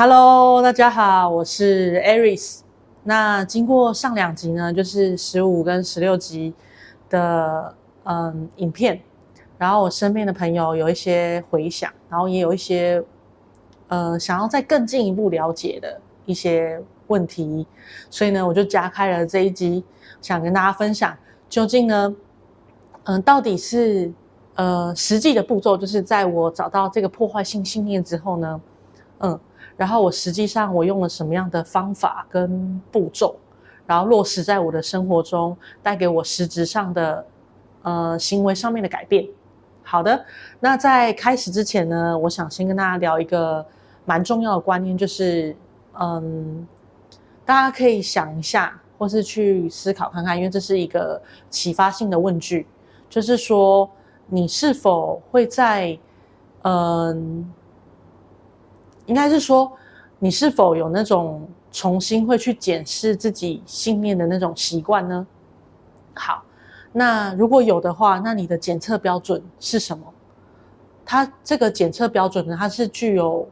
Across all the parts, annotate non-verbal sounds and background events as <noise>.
Hello，大家好，我是 Aris。那經過上兩集呢，就是十五跟十六集的嗯影片，然後我身邊的朋友有一些回響，然後也有一些嗯、呃、想要再更進一步了解的一些問題，所以呢，我就加開了這一集，想跟大家分享究竟呢，嗯，到底是呃實際的步驟，就是在我找到這個破壞性信念之後呢，嗯。然後我實際上我用了什麼樣的方法跟步驟，然後落實在我的生活中，帶給我實質上的，呃，行為上面的改變。好的，那在開始之前呢，我想先跟大家聊一個蠻重要的觀念，就是，嗯，大家可以想一下，或是去思考看看，因為這是一個啟發性的問句，就是說，你是否會在，嗯。應該是說，你是否有那種重新會去檢視自己信念的那種習慣呢？好，那如果有的話，那你的檢測標準是什麼？它這個檢測標準呢，它是具有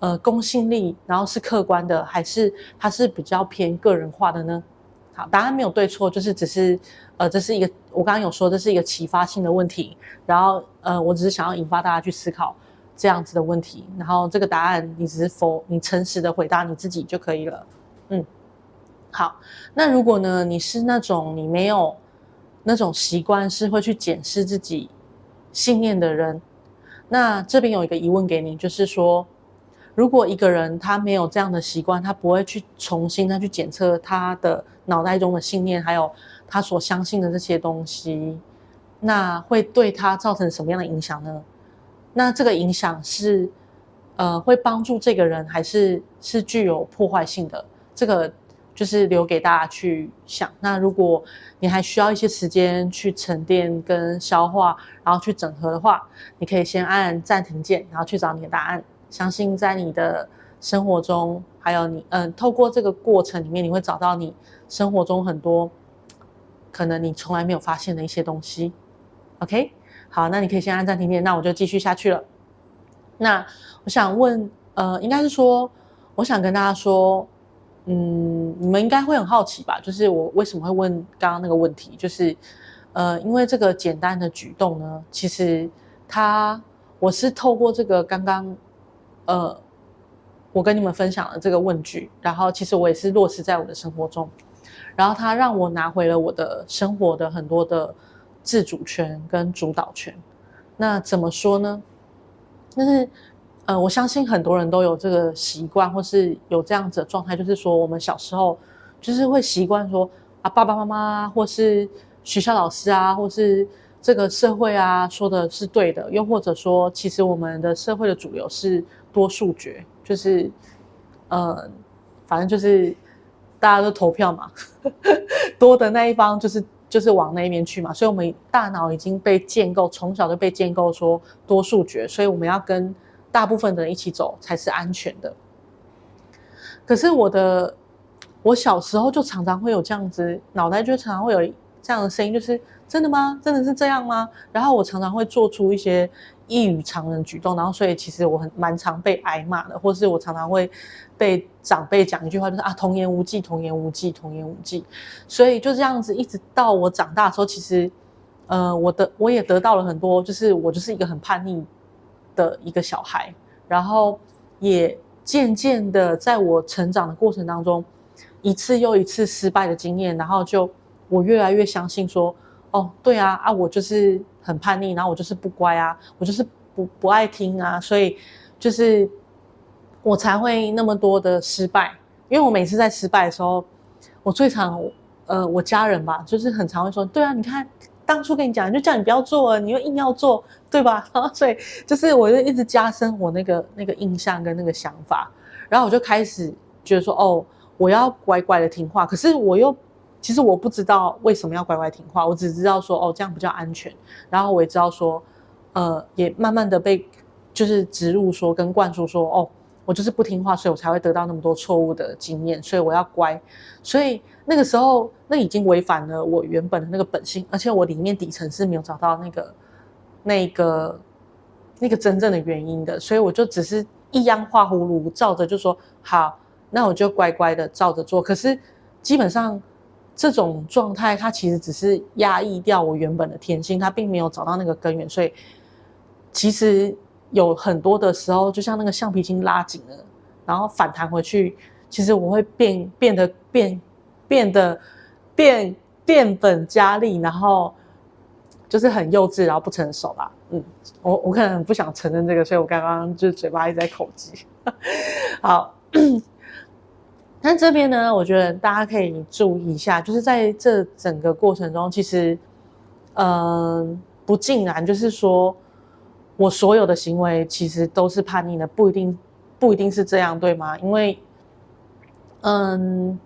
呃公信力，然後是客觀的，還是它是比較偏個人化的呢？好，答案沒有對錯，就是只是呃，這是一個我剛剛有說，這是一個啟發性的問題，然後呃，我只是想要引發大家去思考。這樣子的問題，然後這個答案你只是否，你誠實的回答你自己就可以了。嗯，好，那如果呢，你是那種你沒有那種習慣，是會去檢視自己信念的人，那這邊有一個疑問給你，就是說，如果一個人他沒有這樣的習慣，他不會去重新再去檢測他的腦袋中的信念，還有他所相信的這些東西，那會對他造成什麼樣的影響呢？那這個影響是，呃，會幫助這個人，還是是具有破壞性的？這個就是留給大家去想。那如果你還需要一些時間去沉澱跟消化，然後去整合的話，你可以先按暫停鍵，然後去找你的答案。相信在你的生活中，還有你，嗯、呃，透過這個過程裡面，你會找到你生活中很多可能你從來沒有發現的一些東西。OK。好，那你可以先按暫停鍵，那我就繼續下去了。那我想問，呃，應該是說，我想跟大家說，嗯，你們應該會很好奇吧？就是我為什麼會問剛剛那個問題？就是，呃，因為這個簡單的舉動呢，其實它，我是透過這個剛剛，呃，我跟你們分享了這個問句，然後其實我也是落實在我的生活中，然後它讓我拿回了我的生活的很多的，自主權跟主導權，那怎麼說呢？但是，呃，我相信很多人都有這個習慣，或是有這樣子的狀態，就是說，我們小時候就是會習慣說啊，爸爸媽媽啊，或是學校老師啊，或是這個社會啊，說的是對的。又或者說，其實我們的社會的主流是多數決，就是，呃，反正就是大家都投票嘛呵呵，多的那一方就是。就是往那邊去嘛，所以我們大腦已經被建構，從小就被建構說多數決，所以我們要跟大部分的人一起走才是安全的。可是我的，我小時候就常常會有這樣子，腦袋就常常會有。這樣的聲音就是真的嗎？真的是這樣嗎？然後我常常會做出一些異於常人舉動，然後所以其實我很蠻常被挨罵的，或是我常常會被長輩講一句話，就是啊，童言無忌，童言無忌，童言無忌。所以就這樣子，一直到我長大之後，其實，呃，我的我也得到了很多，就是我就是一個很叛逆的一個小孩，然後也漸漸的在我成長的過程當中，一次又一次失敗的經驗，然後就。我越來越相信說，哦，對啊，啊，我就是很叛逆，然後我就是不乖啊，我就是不不愛聽啊，所以就是我才會那麼多的失敗。因為我每次在失敗的時候，我最常，呃，我家人吧，就是很常會說，對啊，你看當初跟你講，就叫你不要做啊，你又硬要做，對吧？然後所以就是我就一直加深我那個那個印象跟那個想法，然後我就開始覺得說，哦，我要乖乖的聽話，可是我又。其實我不知道為什麼要乖乖聽話，我只知道說哦，這樣比較安全，然後我也知道說，呃，也慢慢的被就是植入說跟灌輸說，哦，我就是不聽話，所以我才會得到那麼多錯誤的經驗，所以我要乖，所以那個時候那已經違反了我原本的那個本性，而且我裡面底層是沒有找到那個那個那個真正的原因的，所以我就只是依樣畫葫蘆照着就說好，那我就乖乖的照着做，可是基本上。這種狀態，它其實只是壓抑掉我原本的天性，它並沒有找到那個根源。所以，其實有很多的時候，就像那個橡皮筋拉緊了，然後反彈回去，其實我會變，變得變，變得變，變本加厲，然後就是很幼稚，然後不成熟吧。嗯，我我可能不想承認這個，所以我剛剛就是嘴巴一直在口技。 <laughs> 好。 <coughs> 但這邊呢，我覺得大家可以注意一下，就是在這整個過程中，其實，嗯，不盡然就是說我所有的行為其實都是叛逆的，不一定不一定是這樣，對嗎？因為，嗯，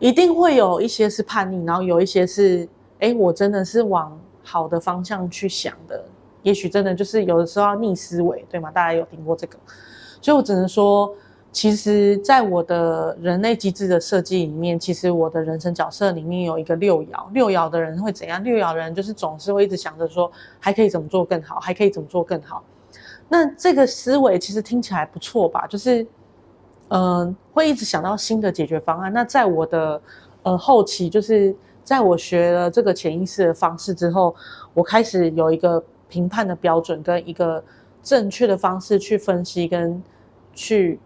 一定會有一些是叛逆，然後有一些是，哎、欸，我真的是往好的方向去想的，也許真的就是有的時候要逆思維，對嗎？大家有聽過這個，所以我只能說。其實，在我的人類機制的設計裡面，其實我的人生角色裡面有一個六爻。六爻的人會怎樣？六爻人就是總是會一直想着說還可以怎麼做更好，還可以怎麼做更好。那這個思維其實聽起來不錯吧？就是，嗯、呃，會一直想到新的解決方案。那在我的呃後期，就是在我學了這個潛意識的方式之後，我開始有一個評判的標準跟一個正確的方式去分析跟去。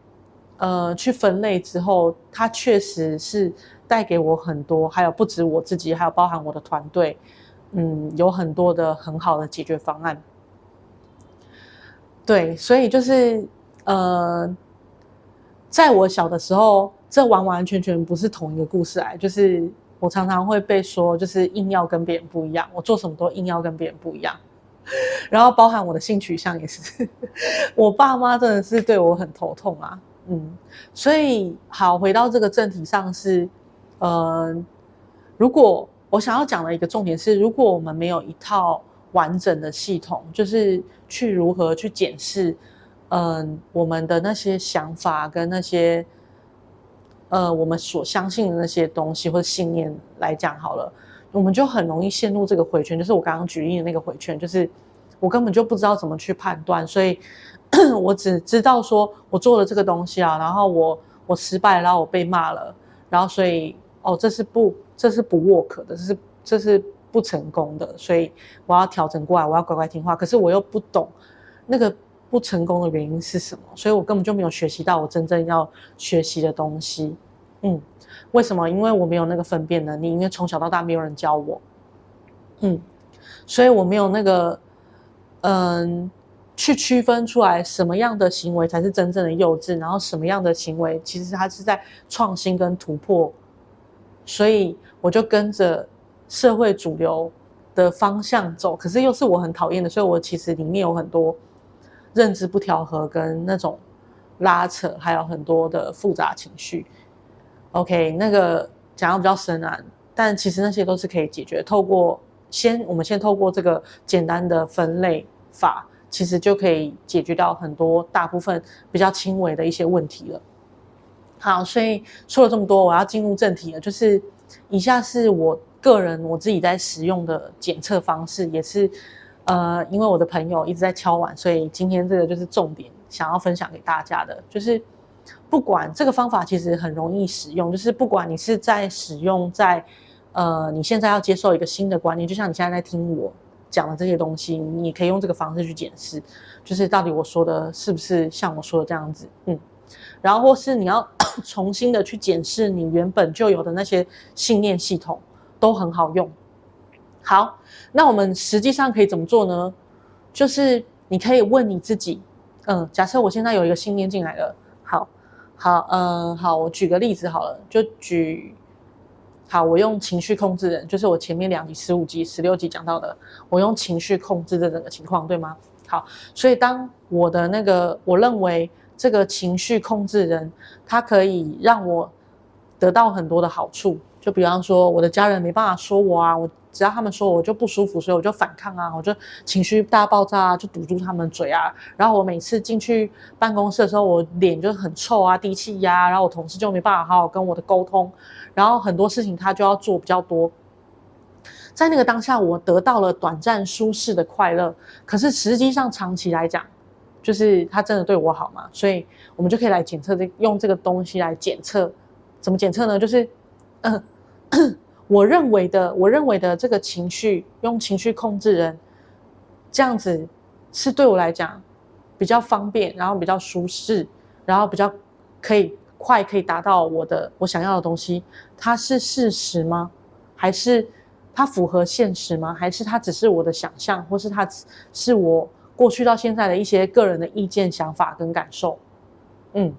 呃，去分類之後，它確實是帶給我很多，還有不止我自己，還有包含我的團隊，嗯，有很多的很好的解決方案。對，所以就是呃，在我小的時候，這完完全全不是同一個故事哎。就是我常常會被說，就是硬要跟別人不一樣，我做什麼都硬要跟別人不一樣， <laughs> 然後包含我的性取向也是， <laughs> 我爸媽真的是對我很頭痛啊。嗯，所以好回到這個正題上是，呃，如果我想要講的一個重點是，如果我們沒有一套完整的系統，就是去如何去檢視，嗯、呃，我們的那些想法跟那些，呃，我們所相信的那些東西或信念來講好了，我們就很容易陷入這個回圈，就是我剛剛舉例的那個回圈，就是。我根本就不知道怎麼去判斷，所以 <coughs> 我只知道說我做了這個東西啊，然後我我失敗了，然後我被罵了，然後所以哦這是不這是不 work 的，這是這是不成功的，所以我要調整過來，我要乖乖聽話。可是我又不懂那個不成功的原因是什麼，所以我根本就沒有學習到我真正要學習的東西。嗯，為什麼？因為我沒有那個分辨能力，因為從小到大沒有人教我。嗯，所以我沒有那個。嗯，去區分出來什麼樣的行為才是真正的幼稚，然後什麼樣的行為其實它是在創新跟突破，所以我就跟着社會主流的方向走，可是又是我很討厭的，所以我其實裡面有很多認知不調和跟那種拉扯，還有很多的複雜情緒。OK，那個講的比較深啊，但其實那些都是可以解決，透過。先，我們先透過這個簡單的分類法，其實就可以解決掉很多大部分比較輕微的一些問題了。好，所以說了這麼多，我要進入正題了，就是以下是我個人我自己在使用的檢測方式，也是，呃，因為我的朋友一直在敲碗，所以今天這個就是重點，想要分享給大家的，就是不管這個方法其實很容易使用，就是不管你是在使用在。呃，你現在要接受一個新的觀念，就像你現在在聽我講的這些東西，你可以用這個方式去檢視，就是到底我說的是不是像我說的這樣子，嗯，然後或是你要 <coughs> 重新的去檢視你原本就有的那些信念系統，都很好用。好，那我們實際上可以怎麼做呢？就是你可以問你自己，嗯、呃，假設我現在有一個信念進來了，好好，嗯、呃，好，我舉個例子好了，就舉。好，我用情緒控制人，就是我前面兩集、十五集、十六集講到的，我用情緒控制的整個情況，對嗎？好，所以當我的那個，我認為這個情緒控制人，它可以讓我得到很多的好處。就比方說，我的家人沒辦法說我啊，我只要他們說我就不舒服，所以我就反抗啊，我就情緒大爆炸啊，就堵住他們嘴啊。然後我每次進去辦公室的時候，我臉就很臭啊，低氣壓啊。然後我同事就沒辦法好好跟我的溝通，然後很多事情他就要做比較多。在那個當下，我得到了短暫舒適的快樂。可是實際上長期來講，就是他真的對我好嘛？所以我們就可以來檢測這，用這個東西來檢測。怎麼檢測呢？就是，嗯、呃。 <coughs> 我認為的，我認為的這個情緒，用情緒控制人，這樣子是對我來講比較方便，然後比較舒適，然後比較可以快可以達到我的我想要的東西。它是事實嗎？還是它符合現實嗎？還是它只是我的想象，或是它是我過去到現在的一些個人的意見、想法跟感受？嗯，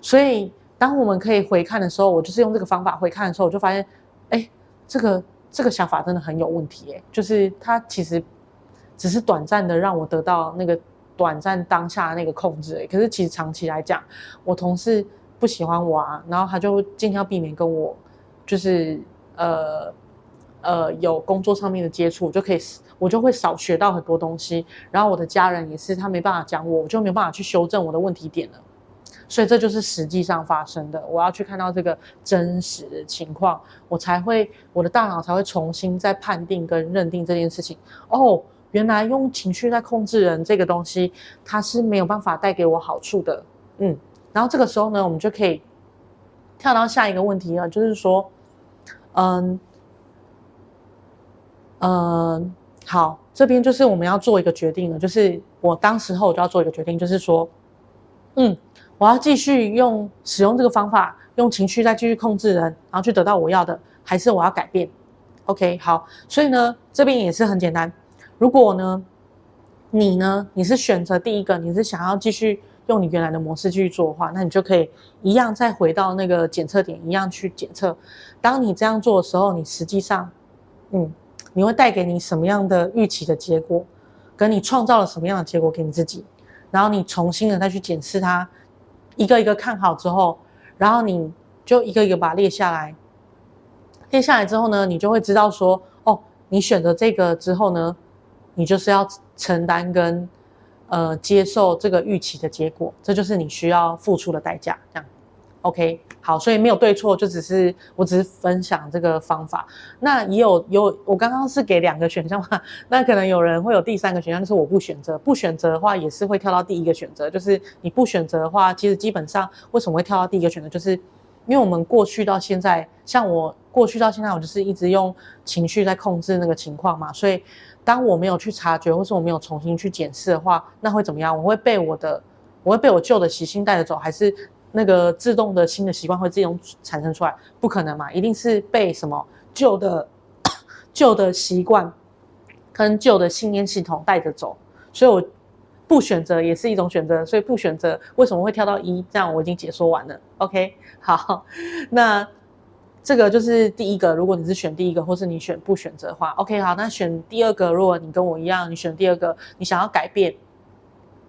所以。當我們可以回看的時候，我就是用這個方法回看的時候，我就發現，哎、欸，這個這個想法真的很有問題、欸，哎，就是它其實只是短暫的讓我得到那個短暫當下的那個控制、欸，可是其實長期來講，我同事不喜歡我啊，然後他就盡量避免跟我，就是呃呃有工作上面的接觸，就可以我就會少學到很多東西。然後我的家人也是，他沒辦法講我，我就沒有辦法去修正我的問題點了。所以這就是實際上發生的。我要去看到這個真實的情況，我才會，我的大腦才會重新再判定跟認定這件事情。哦，原來用情緒在控制人這個東西，它是沒有辦法帶給我好處的。嗯，然後這個時候呢，我們就可以跳到下一個問題了，就是說，嗯，嗯，好，這邊就是我們要做一個決定了，就是我當時候我就要做一個決定，就是說，嗯。我要繼續用使用這個方法，用情緒再繼續控制人，然後去得到我要的，還是我要改變？OK，好，所以呢，這邊也是很簡單。如果呢，你呢，你是選擇第一個，你是想要繼續用你原來的模式繼續做的話，那你就可以一樣再回到那個檢測點，一樣去檢測。當你這樣做的時候，你實際上，嗯，你會帶給你什麼樣的預期的結果？跟你創造了什麼樣的結果給你自己？然後你重新的再去檢視它。一個一個看好之後，然後你就一個一個把它列下來，列下來之後呢，你就會知道說，哦，你選擇這個之後呢，你就是要承擔跟呃接受這個預期的結果，這就是你需要付出的代價，這樣。OK，好，所以沒有對錯，就只是我只是分享這個方法。那也有有，我剛剛是給兩個選項嘛，那可能有人會有第三個選項，就是我不選擇，不選擇的話也是會跳到第一個選擇。就是你不選擇的話，其實基本上為什麼會跳到第一個選擇，就是因為我們過去到現在，像我過去到現在，我就是一直用情緒在控制那個情況嘛。所以當我沒有去察覺，或是我沒有重新去檢視的話，那會怎麼樣？我會被我的，我會被我舊的習性帶着走，還是？那個自動的新的習慣會自動產生出來，不可能嘛，一定是被什麼舊的舊的習慣跟舊的信念系統帶着走。所以，我不選擇也是一種選擇。所以，不選擇為什麼會跳到一？這樣我已經解說完了。OK，好，那這個就是第一個。如果你是選第一個，或是你選不選擇的話，OK，好，那選第二個。如果你跟我一樣，你選第二個，你想要改變，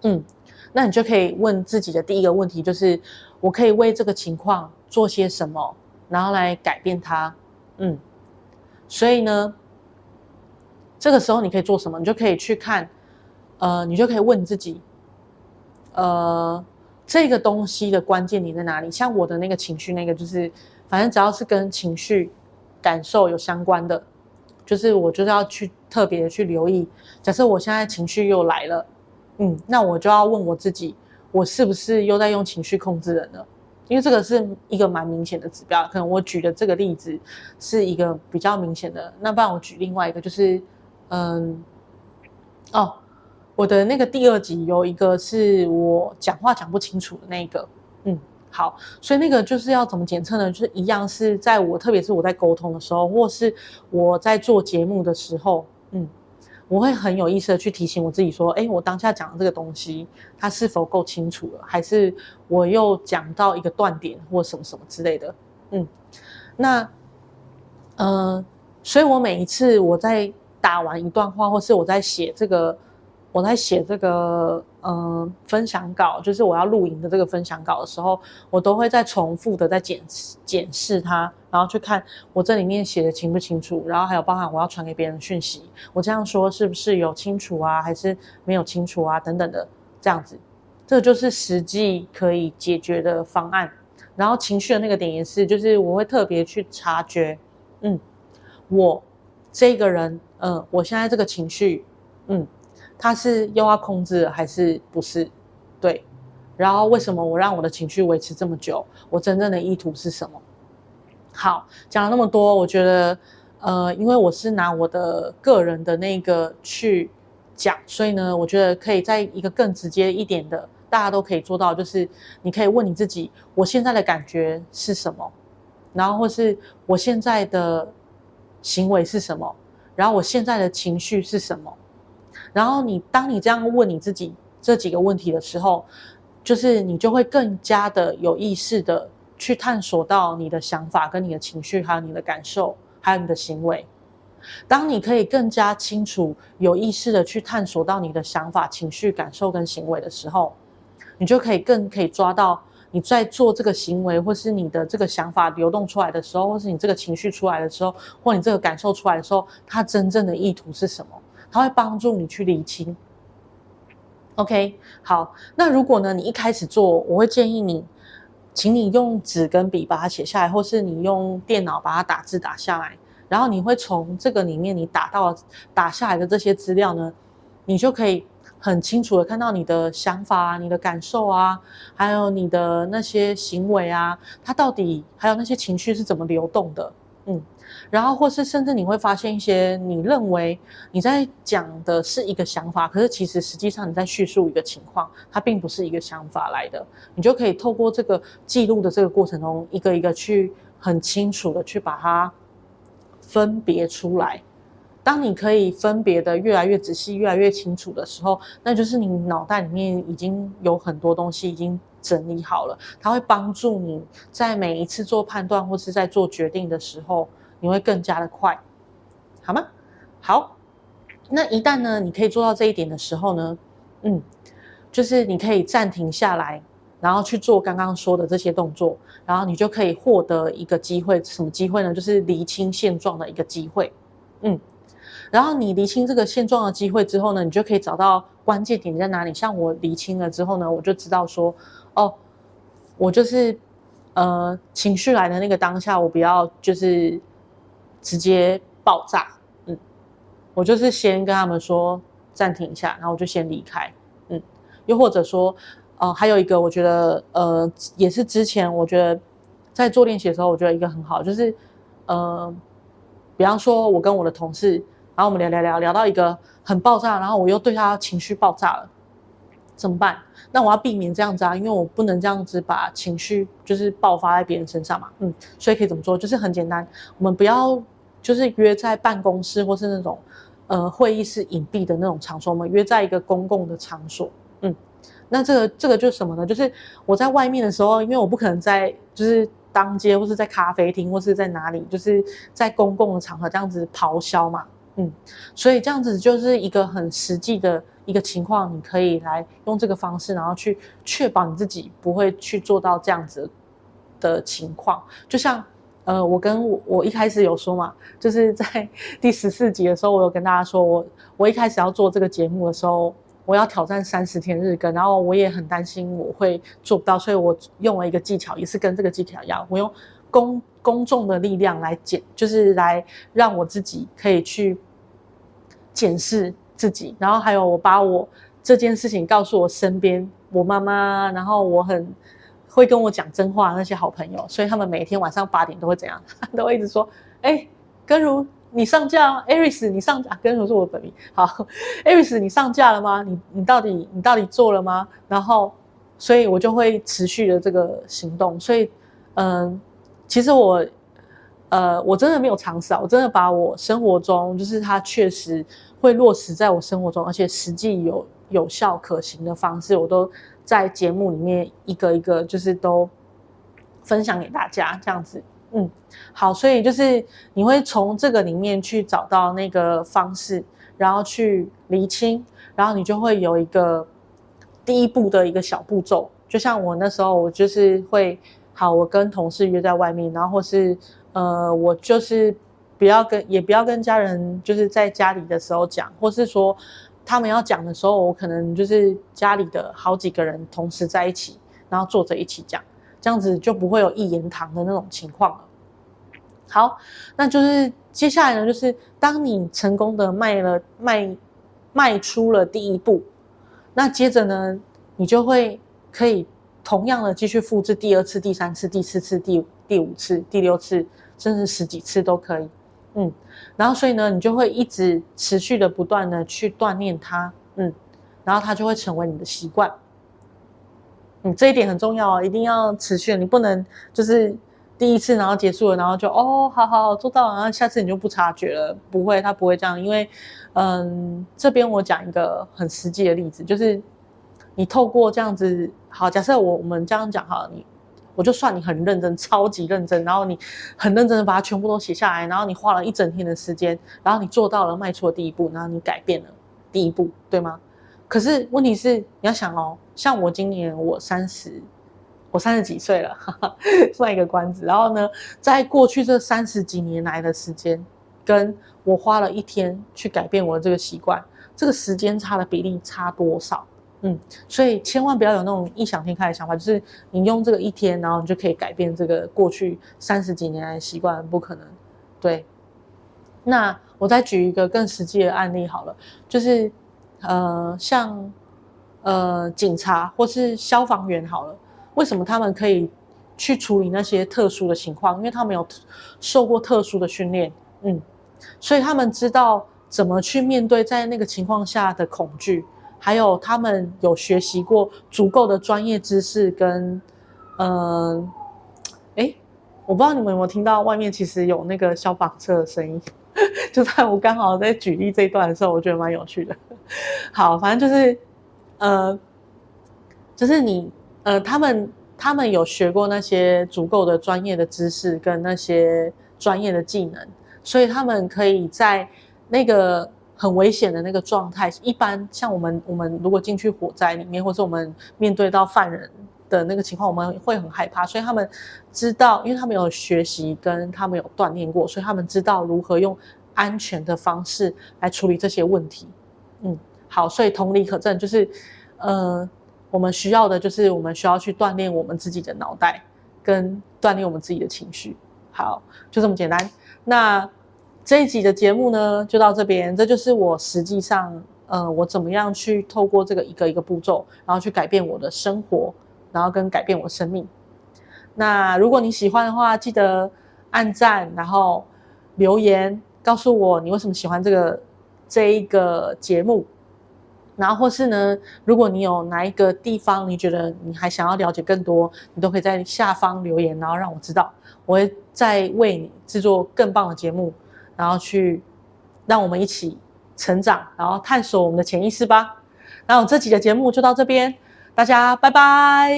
嗯，那你就可以問自己的第一個問題就是。我可以為這個情況做些什麼，然後來改變它，嗯。所以呢，這個時候你可以做什麼？你就可以去看，呃，你就可以問自己，呃，這個東西的關鍵點在哪裡？像我的那個情緒，那個就是，反正只要是跟情緒、感受有相關的，就是我就是要去特別的去留意。假設我現在情緒又來了，嗯，那我就要問我自己。我是不是又在用情緒控制人呢？因為這個是一個蠻明顯的指標的，可能我舉的這個例子是一個比較明顯的。那不然我舉另外一個，就是，嗯，哦，我的那個第二集有一個是我講話講不清楚的那個，嗯，好，所以那個就是要怎麼檢測呢？就是一樣是在我，特別是我在溝通的時候，或是我在做節目的時候，嗯。我會很有意識的去提醒我自己說，誒，我當下講的這個東西，它是否夠清楚了？還是我又講到一個斷點或什麼什麼之類的？嗯，那，呃，所以我每一次我在打完一段話，或是我在寫這個。我在寫這個嗯、呃、分享稿，就是我要錄影的這個分享稿的時候，我都會再重複的在檢檢視它，然後去看我這裡面寫的清不清楚，然後還有包含我要傳給別人訊息，我這樣說是不是有清楚啊，還是沒有清楚啊等等的這樣子，這就是實際可以解決的方案。然後情緒的那個點也是，就是我會特別去察覺，嗯，我這個人，嗯、呃，我現在這個情緒，嗯。它是又要控制還是不是？對，然後為什麼我讓我的情緒維持這麼久？我真正的意圖是什麼？好，講了那麼多，我覺得，呃，因為我是拿我的個人的那個去講，所以呢，我覺得可以在一個更直接一點的，大家都可以做到，就是你可以問你自己，我現在的感覺是什麼？然後或是我現在的行為是什麼？然後我現在的情緒是什麼？然後你當你這樣問你自己這幾個問題的時候，就是你就會更加的有意識的去探索到你的想法、跟你的情緒、還有你的感受、還有你的行為。當你可以更加清楚、有意識的去探索到你的想法、情緒、感受跟行為的時候，你就可以更可以抓到你在做這個行為，或是你的這個想法流動出來的時候，或是你這個情緒出來的時候，或你這個感受出來的時候，它真正的意圖是什麼。它會幫助你去理清，OK，好。那如果呢，你一開始做，我會建議你，請你用紙跟筆把它寫下來，或是你用電腦把它打字打下來。然後你會從這個裡面，你打到打下來的這些資料呢，你就可以很清楚的看到你的想法啊，你的感受啊，還有你的那些行為啊，它到底還有那些情緒是怎麼流動的，嗯。然後，或是甚至你會發現一些你認為你在講的是一個想法，可是其實實際上你在敘述一個情況，它並不是一個想法來的。你就可以透過這個記錄的這個過程中，一個一個去很清楚的去把它分別出來。當你可以分別的越來越仔細、越來越清楚的時候，那就是你腦袋裡面已經有很多東西已經整理好了，它會幫助你在每一次做判斷或是在做決定的時候。你會更加的快，好嗎？好，那一旦呢，你可以做到這一點的時候呢，嗯，就是你可以暫停下來，然後去做剛剛說的這些動作，然後你就可以獲得一個機會，什麼機會呢？就是釐清現狀的一個機會，嗯，然後你釐清這個現狀的機會之後呢，你就可以找到關鍵點在哪裡。像我釐清了之後呢，我就知道說，哦，我就是呃，情緒來的那個當下，我不要就是。直接爆炸，嗯，我就是先跟他們說暫停一下，然後我就先離開，嗯，又或者說，呃，還有一個我覺得，呃，也是之前我覺得在做練習的時候，我覺得一個很好就是，呃，比方說我跟我的同事，然後我們聊聊聊聊到一個很爆炸，然後我又對他情緒爆炸了，怎麼辦？那我要避免這樣子啊，因為我不能這樣子把情緒就是爆發在別人身上嘛，嗯，所以可以怎麼做？就是很簡單，我們不要。就是約在辦公室或是那種，呃，會議室隱蔽的那種場所嗎？我們約在一個公共的場所，嗯，那這個這個就是什麼呢？就是我在外面的時候，因為我不可能在就是當街或是在咖啡廳或是在哪裡，就是在公共的場合這樣子咆哮嘛，嗯，所以這樣子就是一個很實際的一個情況，你可以來用這個方式，然後去確保你自己不會去做到這樣子的情況，就像。呃，我跟我，我一開始有說嘛，就是在第十四集的時候，我有跟大家說我，我一開始要做這個節目的時候，我要挑戰三十天日更，然後我也很擔心我會做不到，所以我用了一個技巧，也是跟這個技巧一樣，我用公公眾的力量來檢，就是來讓我自己可以去檢視自己，然後還有我把我這件事情告訴我身邊，我媽媽，然後我很。會跟我講真話，那些好朋友，所以他們每天晚上八點都會怎樣， <laughs> 都會一直說：“哎、欸，根如你上架、啊，艾瑞斯你上架、啊。”根如是我的本名。好，艾瑞斯你上架了嗎？你你到底你到底做了嗎？然後，所以我就會持續的這個行動。所以，嗯、呃，其實我，呃，我真的沒有嘗試、啊，我真的把我生活中就是它確實會落實在我生活中，而且實際有有效可行的方式，我都。在節目裡面一個一個就是都分享給大家，這樣子，嗯，好，所以就是你會從這個裡面去找到那個方式，然後去釐清，然後你就會有一個第一步的一個小步驟。就像我那時候，我就是會好，我跟同事約在外面，然後或是呃，我就是不要跟也不要跟家人，就是在家裡的時候講，或是說。他們要講的時候，我可能就是家裡的好幾個人同時在一起，然後坐着一起講，這樣子就不會有一言堂的那種情況了。好，那就是接下來呢，就是當你成功的邁了邁邁出了第一步，那接着呢，你就會可以同樣的繼續複製第二次、第三次、第四次、第五第五次、第六次，甚至十幾次都可以。嗯，然後所以呢，你就會一直持續的不斷的去鍛鍊它，嗯，然後它就會成為你的習慣。嗯，這一點很重要啊，一定要持續的，你不能就是第一次然後結束了，然後就哦，好好做到，然後下次你就不察覺了，不會，它不會這樣，因為嗯，這邊我講一個很實際的例子，就是你透過這樣子，好，假設我我們這樣講，哈，你。我就算你很認真，超級認真，然後你很認真的把它全部都寫下來，然後你花了一整天的時間，然後你做到了邁出的第一步，然後你改變了第一步，對嗎？可是問題是你要想哦，像我今年我三十，我三十幾歲了哈哈，算一個關子。然後呢，在過去這三十幾年來的時間，跟我花了一天去改變我的這個習慣，這個時間差的比例差多少？嗯，所以千萬不要有那種異想天開的想法，就是你用這個一天，然後你就可以改變這個過去三十幾年來的習慣，不可能。對，那我再舉一個更實際的案例好了，就是呃，像呃警察或是消防員好了，為什麼他們可以去處理那些特殊的情況？因為他們有受過特殊的訓練，嗯，所以他們知道怎麼去面對在那個情況下的恐懼。還有他們有學習過足夠的專業知識跟，嗯、呃，誒，我不知道你們有沒有聽到外面其實有那個消防車的聲音， <laughs> 就在我剛好在舉例這一段的時候，我覺得蠻有趣的。好，反正就是，呃，就是你，呃，他們他們有學過那些足夠的專業的知識跟那些專業的技能，所以他們可以在那個。很危險的那個狀態，一般像我們，我們如果進去火災裡面，或是我們面對到犯人的那個情況，我們會很害怕。所以他們知道，因為他們有學習跟他們有鍛鍊過，所以他們知道如何用安全的方式來處理這些問題。嗯，好，所以同理可證，就是，呃，我們需要的就是我們需要去鍛鍊我們自己的腦袋，跟鍛鍊我們自己的情緒。好，就這麼簡單。那。這一集的節目呢，就到這邊。這就是我實際上，呃，我怎麼樣去透過這個一個一個步驟，然後去改變我的生活，然後跟改變我的生命。那如果你喜歡的話，記得按讚，然後留言告訴我你為什麼喜歡這個這一個節目。然後或是呢，如果你有哪一個地方你覺得你還想要了解更多，你都可以在下方留言，然後讓我知道，我會再為你製作更棒的節目。然後去，讓我們一起成長，然後探索我們的潛意識吧。那我這期的節目就到這邊，大家拜拜。